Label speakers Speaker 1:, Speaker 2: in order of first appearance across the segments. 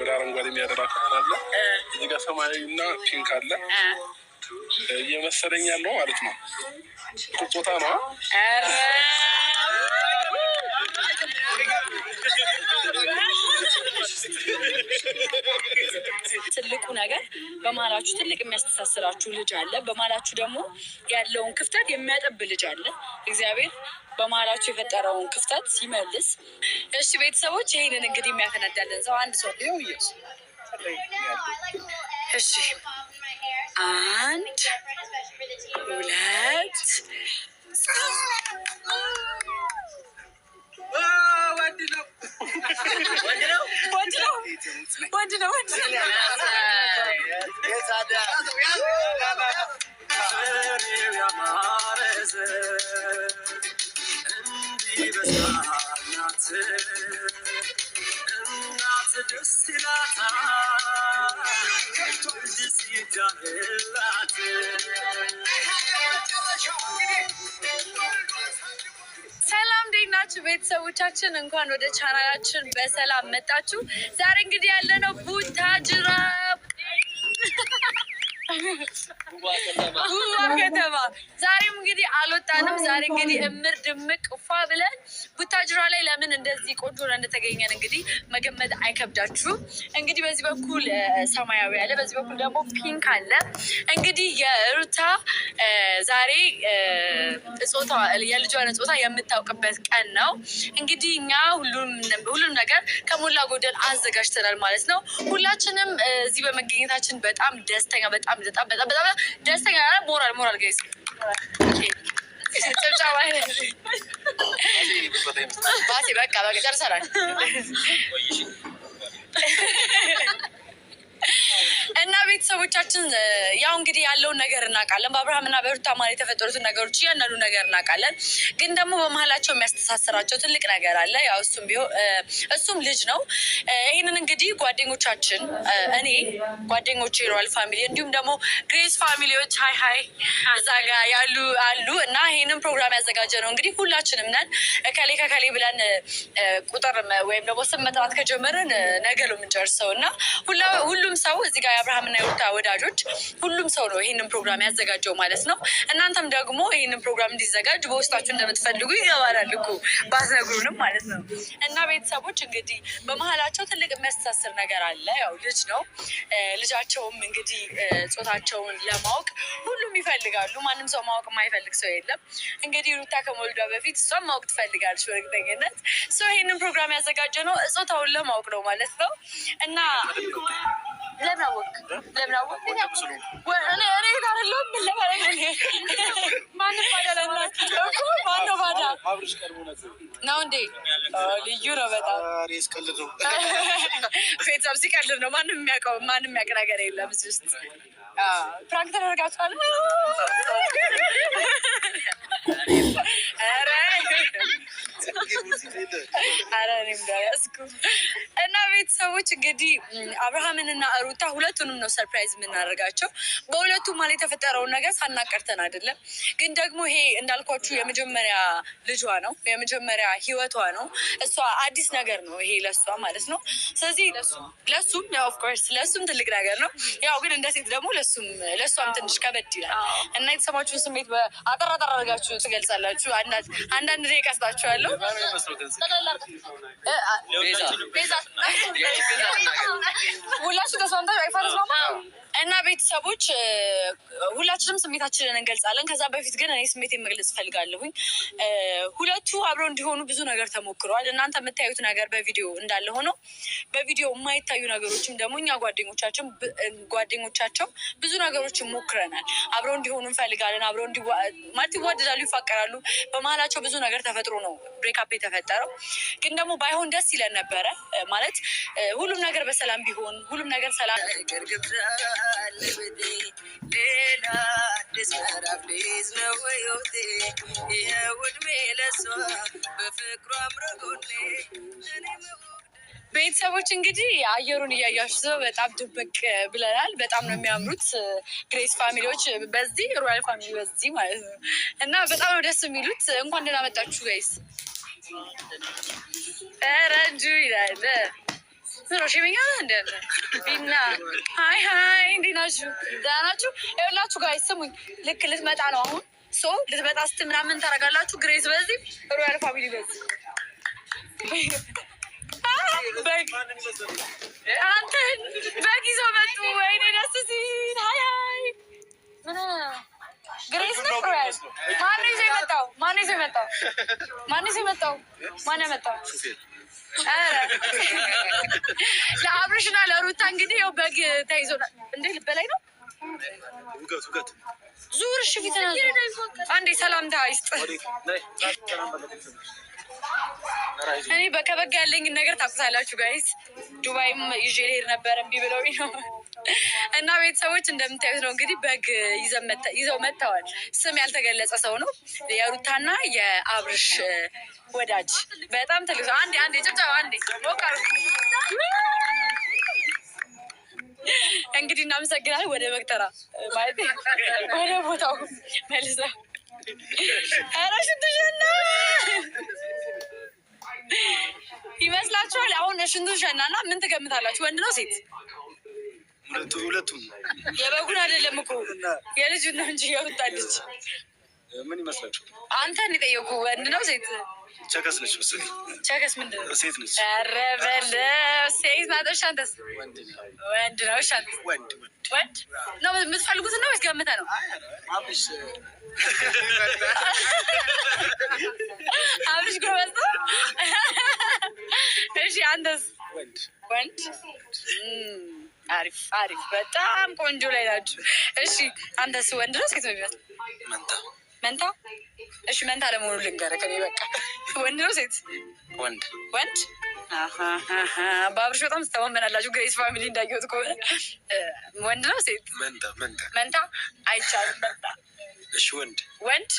Speaker 1: ወደ አረንጓዴ የሚያደራ ከሆን አለ እዚህ ጋር ሰማያዊና ፒንክ አለ እየመሰለኝ ያለው ማለት ነው ቁጦታ ነው።
Speaker 2: ትልቁ ነገር በማላችሁ ትልቅ የሚያስተሳስራችሁ ልጅ አለ። በማላችሁ ደግሞ ያለውን ክፍተት የሚያጠብ ልጅ አለ። እግዚአብሔር በማላችሁ የፈጠረውን ክፍተት ሲመልስ፣ እሺ ቤተሰቦች፣ ይህንን እንግዲህ የሚያፈነዳለን ሰው አንድ ሰው እሺ፣ አንድ ሁለት ወንድ ነው ወንድ ነው ወንድ ነው ወንድ ነው። Thank you. የተወደዳችሁ ቤተሰቦቻችን እንኳን ወደ ቻናላችን በሰላም መጣችሁ። ዛሬ እንግዲህ ያለነው ቡታጅራ ውባ ከተማ ዛሬም እንግዲህ አልወጣንም። ዛሬ እንግዲህ እምር ድምቅ ፏ ብለን ቡታጅራ ላይ ለምን እንደዚህ ቆንጆ ነው እንደተገኘን እንግዲህ መገመት አይከብዳችሁም። እንግዲህ በዚህ በኩል ሰማያዊ አለ፣ በዚህ በኩል ደግሞ ፒንክ አለ። እንግዲህ የሩታ ዛሬ እጾታ የልጇን እጾታ የምታውቅበት ቀን ነው። እንግዲህ እኛ ሁሉም ነገር ከሞላ ጎደል አዘጋጅተናል ማለት ነው። ሁላችንም እዚህ በመገኘታችን በጣም ደስተኛ በጣም በጣም በጣም በጣም ደስተኛ ሞራል ሞራል ገይዝ ጭብጨባ ባሴ በቃ በቃ ጨርሰናል። ቤተሰቦቻችን ያው እንግዲህ ያለውን ነገር እናውቃለን። በአብርሃምና በሩታ መሀል የተፈጠሩትን ነገሮች እያንዳንዱ ነገር እናውቃለን። ግን ደግሞ በመሀላቸው የሚያስተሳስራቸው ትልቅ ነገር አለ። ያው እሱም ቢሆን እሱም ልጅ ነው። ይህንን እንግዲህ ጓደኞቻችን፣ እኔ ጓደኞች፣ ሮያል ፋሚሊ እንዲሁም ደግሞ ግሬስ ፋሚሊዎች ሀይ ሀይ እዛ ያሉ አሉ እና ይህንን ፕሮግራም ያዘጋጀ ነው እንግዲህ ሁላችንም ነን። እከሌ ከከሌ ብለን ቁጥር ወይም ደግሞ ስም መጥራት ከጀመርን ነገ ነው የምንጨርሰው እና ሁሉም ሰው እዚህ ጋር የአብርሃምና የሩታ ወዳጆች ሁሉም ሰው ነው ይህንን ፕሮግራም ያዘጋጀው ማለት ነው። እናንተም ደግሞ ይህንን ፕሮግራም እንዲዘጋጅ በውስጣችሁ እንደምትፈልጉ ይገባላል እኮ ባትነግሩንም ማለት ነው። እና ቤተሰቦች እንግዲህ በመሀላቸው ትልቅ የሚያስተሳስር ነገር አለ። ያው ልጅ ነው። ልጃቸውም እንግዲህ ጾታቸውን ለማወቅ ሁሉም ይፈልጋሉ። ማንም ሰው ማወቅ የማይፈልግ ሰው የለም። እንግዲህ ሩታ ከመወልዷ በፊት እሷን ማወቅ ትፈልጋለች በእርግጠኝነት። ይህንን ፕሮግራም ያዘጋጀ ነው እጾታውን ለማወቅ ነው ማለት ነው እና ለምን እንዴ? ልዩ ነው በጣም ቤተሰብ ሲቀልድ ነው። ማንም የሚያውቀው ማንም የሚያውቅ ነገር የለም እዚህ ውስጥ ፕራንክ ተደረጋችኋል። እና ቤተሰቦች እንግዲህ አብርሃምን እና ሩታ ሁለቱንም ነው ሰርፕራይዝ የምናደርጋቸው። በሁለቱ ማለት የተፈጠረውን ነገር ሳናቀርተን አይደለም፣ ግን ደግሞ ይሄ እንዳልኳችሁ የመጀመሪያ ልጇ ነው፣ የመጀመሪያ ህይወቷ ነው። እሷ አዲስ ነገር ነው ይሄ ለሷ ማለት ነው። ስለዚህ ለሱም ያው ኦፍኮርስ ለሱም ትልቅ ነገር ነው። ያው ግን እንደ ሴት ደግሞ ለሱም ለእሷም ትንሽ ከበድ ይላል እና የተሰማችሁን ስሜት አጠር አድርጋችሁ ትገልጻላችሁ። አንዳንድ ደቂቃ ሁላችሁ እና ቤተሰቦች ሁላችንም ስሜታችንን እንገልጻለን። ከዛ በፊት ግን እኔ ስሜት መግለጽ ፈልጋለሁኝ ሁለቱ አብረው እንዲሆኑ ብዙ ነገር ተሞክረዋል። እናንተ የምታዩት ነገር በቪዲዮ እንዳለ ሆነው በቪዲዮ የማይታዩ ነገሮችም ደግሞ እኛ ጓደኞቻቸው ጓደኞቻቸው ብዙ ነገሮችን ሞክረናል። አብረው እንዲሆኑ እንፈልጋለን። አብረው ማለት ይዋደዳሉ፣ ይፋቀራሉ። በመሀላቸው ብዙ ነገር ተፈጥሮ ነው ብሬክአፕ የተፈጠረው። ግን ደግሞ ባይሆን ደስ ይለን ነበረ ማለት ሁሉም ነገር በሰላም ቢሆን ሁሉም ነገር ሰላም ቤተሰቦች እንግዲህ አየሩን እያያችሁ በጣም ድብቅ ብለናል። በጣም ነው የሚያምሩት ግሬስ ፋሚሊዎች በዚህ ሮያል ፋሚሊ በዚህ ማለት ነው እና በጣም ነው ደስ የሚሉት። እንኳን ደህና መጣችሁ ጋይስ። ረጁ ይላል ሮ ሽሚኛ እንደ ቢና ሀይ ሀይ፣ እንዴት ናችሁ? ደህና ናችሁ? ይኸውላችሁ ጋር ስሙኝ፣ ልክ ልትመጣ ነው አሁን ሶ ልትመጣ ስትል ምናምን ታደርጋላችሁ። ግሬዝ በዚህ ሮያል ፋሚሊ በዚህ አንተን በጊዞ ማን ይዞ የመጣው? ማን ይዞ የመጣው? ማን ያመጣው? ለአብርሽና ለሩታ እንግዲህ ያው በግ ተይዞ እንዴ ልበላይ ነው። ዙር እሺ፣ ፊት አንዴ ሰላምታ ይስጥ። እኔ በከበግ ያለኝን ነገር ታቁታላችሁ ጋይስ። ዱባይም ይዤ ልሄድ ነበር እምቢ ብለውኝ ነው። እና ቤተሰቦች እንደምታዩት ነው እንግዲህ በግ ይዘው መጥተዋል። ስም ያልተገለጸ ሰው ነው የሩታና የአብርሽ ወዳጅ በጣም ትልቅ ሰው። አንዴ አንዴ ጭብጨባ አንዴ እንግዲህ እናመሰግናለን። ወደ መቅጠራ ማለት ወደ ቦታው መልሰ ሽንቱ ይመስላችኋል? አሁን ሽንቱ ሸናና ምን ትገምታላችሁ? ወንድ ነው ሴት? ሁለቱም የበጉን አይደለም እኮ የልጁን ነው እንጂ ያወጣልች። ምን ይመስላችሁ? አንተ እንጠየቁ ወንድ ነው ሴት?
Speaker 1: ቸከስ ነች መሰለኝ። ቸከስ ምንድን ነው? ሴት ነች።
Speaker 2: ኧረ በለው ሴት ናት። እሺ አንተስ? ወንድ ነው። እሺ አንተ ወንድ ወንድ ነው የምትፈልጉት ነው ወይስ ገምተህ ነው? አብሽ ጎበዝ። እሺ አንተስ? ወንድ ወንድ አሪፍ አሪፍ፣ በጣም ቆንጆ ላይ ናችሁ። እሺ አንተስ ወንድ ነው ሴት ነው የሚመስል? መንታ መንታ። እሺ መንታ ለመሆኑ ልንገርህ፣ ከኔ በቃ ወንድ ነው ሴት? ወንድ ወንድ። በአብርሽ በጣም ስተማመናላችሁ ግሬስ ፋሚሊ እንዳየሁት ከሆነ ወንድ ነው ሴት? መንታ መንታ መንታ። እሺ ወንድ ወንድ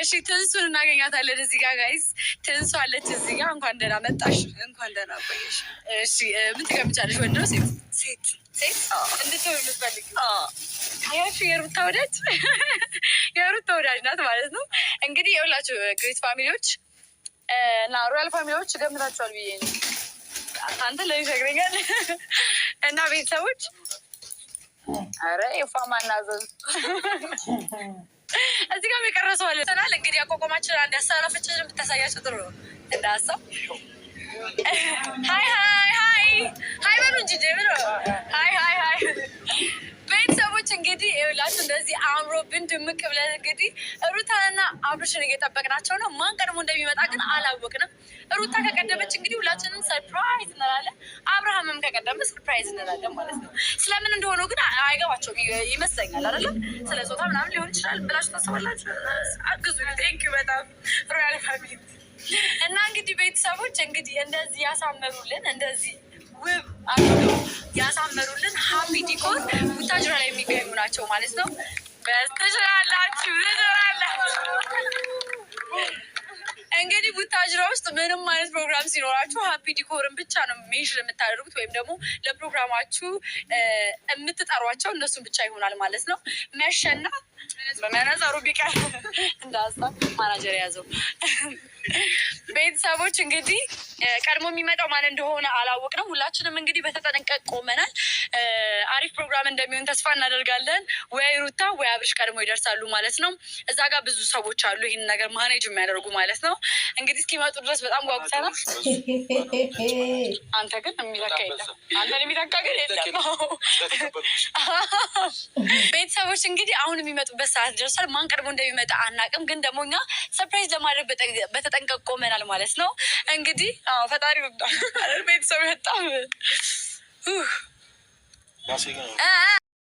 Speaker 2: እሺ ትንሱን እናገኛታለን እዚህ ጋር ጋይስ፣ ትንሱ አለች እዚህ ጋር። እንኳን ደህና መጣሽ፣ እንኳን ደህና ቆየሽ። እሺ ምን ትቀምጫለሽ? ወንድ ነው ሴት? ሴት ሴት እንድትሆን የምትፈልግ አያችሁ፣ የሩት ተወዳጅ የሩት ተወዳጅ ናት ማለት ነው። እንግዲህ የሁላችሁ ግሬት ፋሚሊዎች እና ሮያል ፋሚሊዎች ገምታችኋል ብዬ አንተ ለሚሰግረኛል እና ቤተሰቦች አረ የፋማ እናዘዝ እዚህ ጋር የቀረሰዋል ስናል እንግዲህ አቋቋማችን አንድ ያሰላለፈችን ብታሳያቸው ጥሩ ነው። እንዳሰው ሀይ ሀይ ሀይ ሀይ በሉ እንጂ ሀይ ሀይ ሀይ ቤተሰቦች እንግዲህ ይኸውላችሁ እንደዚህ አእምሮብን ድምቅ ብለን እንግዲህ ሩታንና አብርሽን እየጠበቅናቸው ነው። ማን ቀድሞ እንደሚመጣ ግን አላወቅንም። ሩታ ከቀደመች እንግዲህ ሁላችንም ሰርፕራይዝ እንላለን። አብርሃምም ከቀደመ ሰርፕራይዝ እንላለን ማለት ነው። ስለምን እንደሆነ ግን አይገባቸውም ይመስለኛል። አይደለም ስለ ጾታ ምናምን ሊሆን ይችላል ብላችሁ ታስባላችሁ። አግዙ። ቴንኪው በጣም ሮያል ፋሚሊ እና እንግዲህ ቤተሰቦች እንግዲህ እንደዚህ ያሳመሩልን እንደዚህ ውብ አድርገው ያሳመሩልን ሀፒ ዲኮር ቡታጅራ ላይ የሚገኙ ናቸው ማለት ነው። በስተችላላችሁ እንግዲህ ቡታጅራ ውስጥ ምንም አይነት ፕሮግራም ሲኖራችሁ ሀፒ ዲኮርን ብቻ ነው ሜዥር የምታደርጉት ወይም ደግሞ ለፕሮግራማችሁ የምትጠሯቸው እነሱን ብቻ ይሆናል ማለት ነው። መሸና በመነጸሩ ቢቀር እንደ ማናጀር የያዘው ቤተሰቦች እንግዲህ ቀድሞ የሚመጣው ማን እንደሆነ አላወቅንም። ሁላችንም እንግዲህ በተጠንቀቅ ቆመናል። አሪፍ ፕሮግራም እንደሚሆን ተስፋ እናደርጋለን። ወይ ሩታ ወይ አብርሽ ቀድሞ ይደርሳሉ ማለት ነው። እዛ ጋር ብዙ ሰዎች አሉ ይህን ነገር ማኔጅ የሚያደርጉ ማለት ነው። እንግዲህ እስኪመጡ ድረስ በጣም ጓጉተናል። አንተ ግን የሚተካ የለም፣ አንተን የሚተካ ግን የለም። ቤተሰቦች እንግዲህ አሁን የሚመጡበት ሰዓት ደርሷል። ማን ቀድሞ እንደሚመጣ አናቅም፣ ግን ደግሞ እኛ ሰርፕራይዝ ለማድረግ በተጠንቀቅ ቆመናል ማለት ነው። እንግዲህ ፈጣሪ ቤተሰብ በጣም